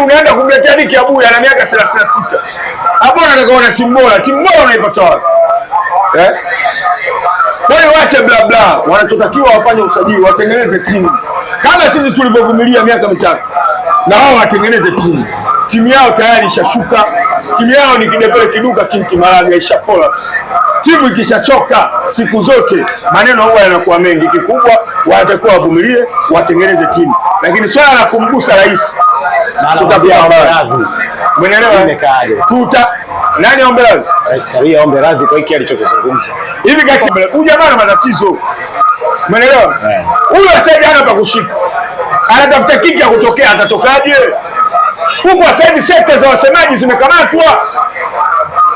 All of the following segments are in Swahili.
lakini unaenda kumletea Diki Abuya ana miaka thelathini na sita hapo, unataka kuona timu bora. Timu bora unaipata wapi eh? Kwa hiyo wache bla bla, wanachotakiwa wafanye usajili, watengeneze timu kama sisi tulivyovumilia miaka mitatu, na wao watengeneze timu. Timu yao tayari ishashuka, timu yao ni kidevele kiduka kinkimaraga, isha collapse. Timu ikishachoka siku zote maneno huwa yanakuwa mengi. Kikubwa watakuwa wavumilie, watengeneze timu, lakini swala la kumgusa rais tutaviomba radhi. Umeelewa? Imekaaje? Tuta nani aombe radhi? Rais Karia aombe radhi kwa hiki alichokizungumza. Hivi kati huyu jamaa ana matatizo. Umeelewa? Eh. Huyu asaidia hana pa kushika. Anatafuta kiki ya kutokea atatokaje? Huko sasa sekta za wasemaji zimekamatwa.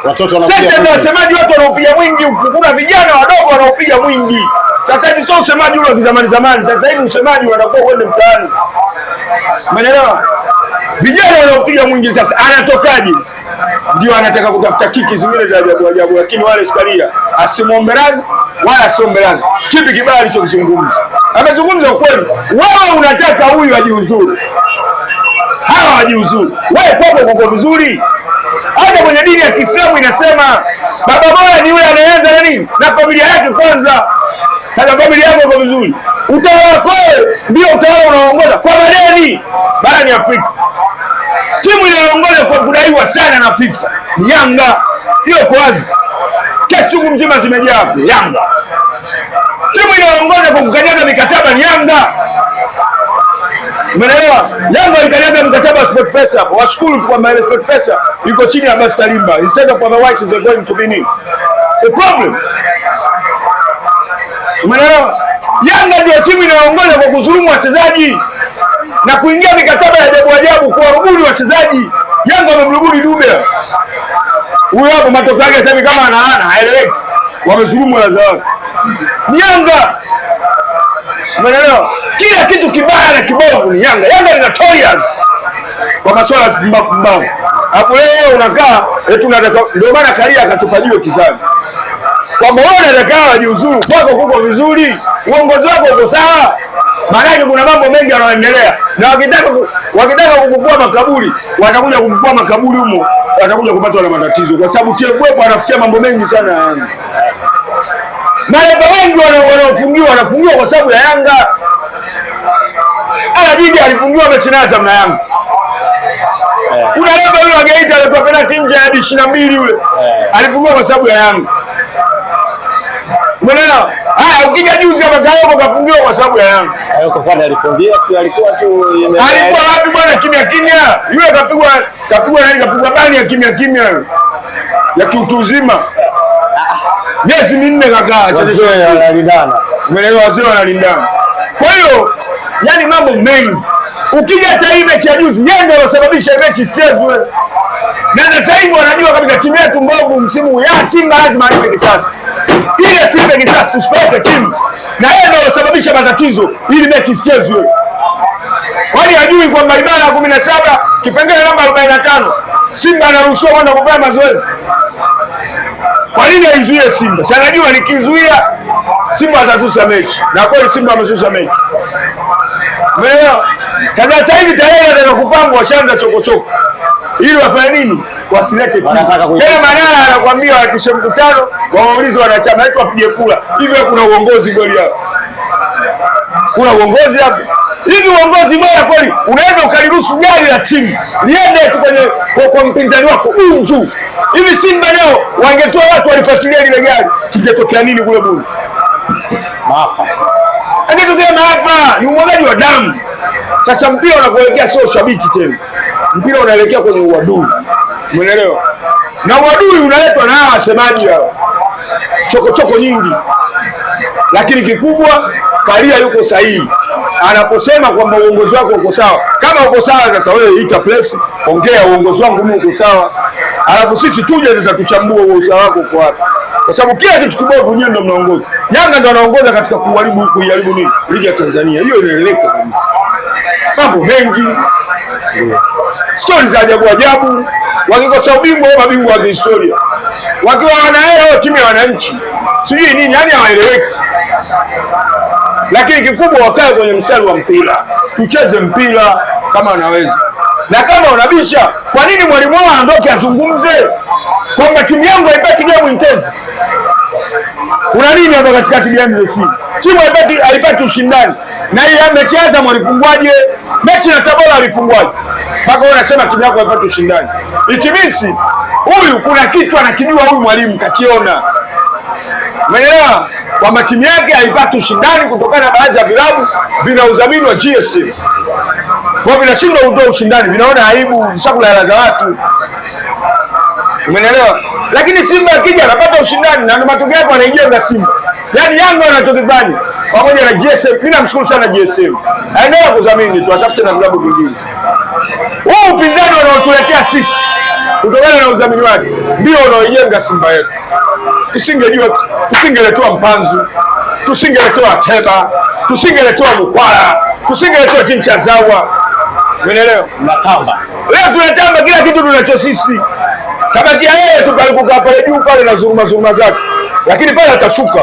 Watoto wanapiga. Sekta za wasemaji watu wanaopiga mwingi, kuna vijana wadogo wanaopiga mwingi. Sasa hivi sio usemaji ule wa zamani zamani. Sasa hivi usemaji wanakuwa kwenda mtaani. Umeelewa? Vijana wanaopiga mwingi sasa anatokaje? Ndio anataka kutafuta kiki zingine za ajabu ajabu, lakini wale Sukaria asimwombe razi wala asiombe razi. Kipi kibaya alichokizungumza? Amezungumza ukweli. Wewe unataka huyu ajiuzuru, hawa wajiuzuru, wewe kwako kuko vizuri. Hata kwenye dini ya Kiislamu inasema baba bora ni yule anayeanza na nini na familia yake kwanza. Sasa familia yako iko vizuri, utawala wako ndio utawala unaongoza kwa madeni barani Afrika timu inayoongoza kwa kudaiwa sana na FIFA ni Yanga, hiyo kwazi kesi chungu mzima zimejaa hapo. Yanga timu inayoongoza kwa kukanyaga mikataba ni Yanga, umeelewa? Yanga alikanyaga mkataba Sport Pesa hapo. Washukuru tu kwamba ile Sport Pesa iko chini ya Basta Limba instead of otherwise is going to be the problem, umeelewa? Yanga ndio timu inayoongoza kwa kudhulumu wachezaji na kuingia mikataba ya ajabu ajabu kuwarubuni wachezaji. Yanga wamemrubuni Dube huyo hapo, matokeo yake sasa kama analaana haeleweki, wamezulumu hela za Ni Yanga, umeelewa? Kila kitu kibaya na kibovu ni Yanga. Yanga ni notorious kwa masuala ya mbavu hapo. Leo unakaa eti eh, unataka, ndio maana Kalia akatupa jiwe kisani kwamba wewe unataka wajiuzuru, kwako kuko vizuri, uongozi wako uko sawa maanake kuna mambo mengi yanaendelea, na wakitaka wakitaka kukufua makaburi watakuja kukufua makaburi humo, watakuja kupatwa na matatizo, kwa sababu TFF anafikia mambo mengi sana Yanga. Marefa wengi wanaofungiwa wanafungiwa kwa sababu ya Yanga. Ala Jiji alifungiwa mechi na Azam na Yanga. Kuna refa yule wa Geita alitoa penalti nje ya ishirini na mbili yule eh. alifungiwa kwa sababu ya Yanga. Umeelewa? Haya, ukija juzi hapa Kayogo kafungiwa kwa sababu ya Yanga alifungiwa si alikuwa tu alikuwa wapi bwana, kimya kimya. Yule kapigwa kapigwa nani, kapigwa bani ya kimya kimya ya kiutu uzima, miezi minne kaka. Wazee wanalindana, umeelewa? Wazee wanalindana. Kwa hiyo yani mambo mengi, ukija hata hii mechi ya juzi, yeye ndio alosababisha mechi isichezwe na sasa hivi wanajua kabisa timu yetu mbovu msimu ya Simba lazima alipe kisasi. Ile Simba kisasi tusipeleke timu, na yeye ndio alosababisha matatizo ili mechi isichezwe, kwani hajui kwamba ibara ya kumi na saba kipengele namba arobaini na tano Simba anaruhusiwa kwenda kufanya mazoezi. Kwa nini aizuie Simba? Si anajua nikizuia Simba atasusa mechi, na kweli Simba amesusa mechi. Umeelewa? Sasa hivi tayari kupangwa, washaanza chokochoko ili wafanye nini? Wasilete tena. Manara anakuambia waitishe mkutano, wawaulize wanachama wetu yaani wapige kura. Hivyo kuna uongozi kweli hapo? Kuna uongozi hapo? Hivi uongozi bora kweli unaweza ukaliruhusu gari la timu liende tu kwenye kwa mpinzani wako Bunju? Hivi Simba nao wangetoa watu walifuatilia lile gari, kingetokea nini kule Bunju? Maafa angetokea maafa. Ni umwagaji wa damu. Sasa mpira unakuelekea sio shabiki tena mpira unaelekea kwenye uadui, umeelewa? Na uadui unaletwa na wasemaji hao, chokochoko nyingi, lakini kikubwa Karia yuko sahihi anaposema kwamba uongozi wako uko sawa. Kama uko sawa, sasa wewe ita press, ongea uongozi wangu mimi uko sawa, alafu sisi tuje sasa tuchambue huo usawa wako uko wapi, kwa sababu kila kitu kibovu nyinyi ndio mnaongoza. Yanga ndio anaongoza katika kuharibu kuiharibu nini ligi ya Tanzania. Hiyo inaeleweka kabisa, mambo mengi yeah stori za ajabu ajabu, wakikosa ubingwa au mabingwa wa kihistoria, wakiwa wanaela timu ya wananchi sijui nini, yani hawaeleweki. Lakini kikubwa wakae kwenye mstari wa mpira, tucheze mpira kama wanaweza, na kama unabisha, kwa nini mwalimu wao aondoke azungumze kwamba timu yangu haipati game intensity? Kuna nini hapa katikati BMZC? Timu haipati haipati ushindani, na ile mechi Azam alifungwaje? Mechi na Tabora alifungwaje? mpaka wewe unasema timu yako haipati ushindani. Itimisi huyu, kuna kitu anakijua huyu mwalimu kakiona, umeelewa kwamba timu yake haipati ushindani kutokana na baadhi ya vilabu vina udhamini wa GSM, kwa vinashindwa kutoa ushindani, vinaona aibu shakulala za watu, umeelewa. Lakini Simba akija anapata ushindani na matokeo yake anaijenga Simba, yaani Yanga wanachokifanya pamoja na GSM. Mimi namshukuru sana GSM, aendelea kudhamini tu, atafute na vilabu vingine. Huu upinzani wanaotuletea sisi kutokana na udhamini wake ndio unaoijenga Simba yetu. Tusingejua, tusingeletewa Mpanzu, tusingeletewa Teba, tusingeletewa Mkwala, tusingeletewa Chincha Zawa, umeelewa? Matamba leo tunatamba kila kitu tunacho sisi, kabaki yeye tu pale kukaa pale juu pale na zuruma zuruma zake, lakini pale atashuka.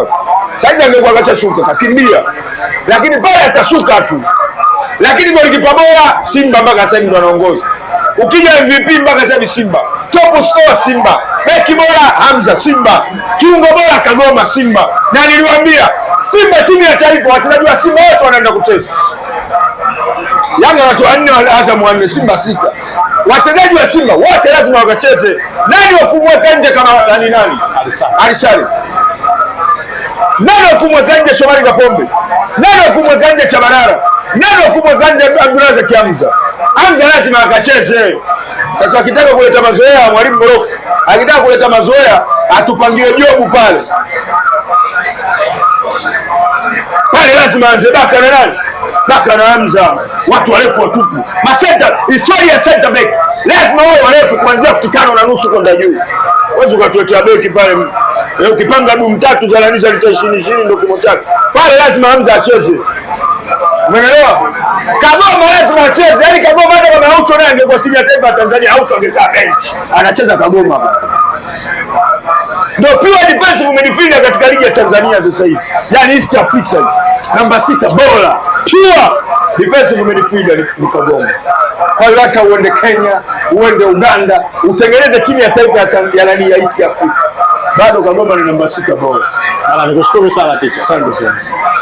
Saizi angekuwa kashashuka kakimbia, lakini pale atashuka tu lakini golikipa bora Simba mpaka sasa hivi ndo anaongoza. Ukija MVP mpaka sasa hivi Simba, top scorer Simba, beki bora Hamza Simba, kiungo bora Kagoma Simba. Na niliwaambia Simba timu ya taifa, wachezaji wa Simba wote wanaenda kucheza. Yanga watu wanne wa Azam wanne, Simba sita. Wachezaji wa Simba wote lazima wakacheze. Nani wa kumweka nje kama nani nani? Alisali. Nani wa kumweka nje Shomari Kapombe? Nani wa kumweka nje Chabarara? neno kubwa Abdulaza kiamza amza lazima akacheze. Sasa akitaka kuleta mazoea mwalimu Moroko, akitaka kuleta mazoea atupangie Jobu pale pale, lazima anze Baka na nani, Baka na Hamza, watu warefu watupu, Ma center, historia ya center back lazima wao warefu kuanzia futi tano na nusu kwenda juu. Wewe ukatuletea beki pale, Wewe eh, ukipanga dumu tatu za Lanisa lita ishirini ishirini ndio kimo chake pale, lazima Hamza acheze. Umeelewa? Kaboma leo tunacheza. Yaani Kaboma hata kama Aucho naye angekuwa timu ya taifa ya Tanzania Aucho angekaa bench. Anacheza Kagoma hapa. Ndio pure defensive midfielder katika ligi ya Tanzania sasa hivi. Yaani East Africa. Namba sita bora. Pure defensive midfielder ni Kagoma. Kwa hiyo hata uende Kenya, uende Uganda, utengeneze timu ya taifa ya nani ya East Africa. Bado Kagoma ni namba sita bora. Ala, nikushukuru sana teacher. Asante sana.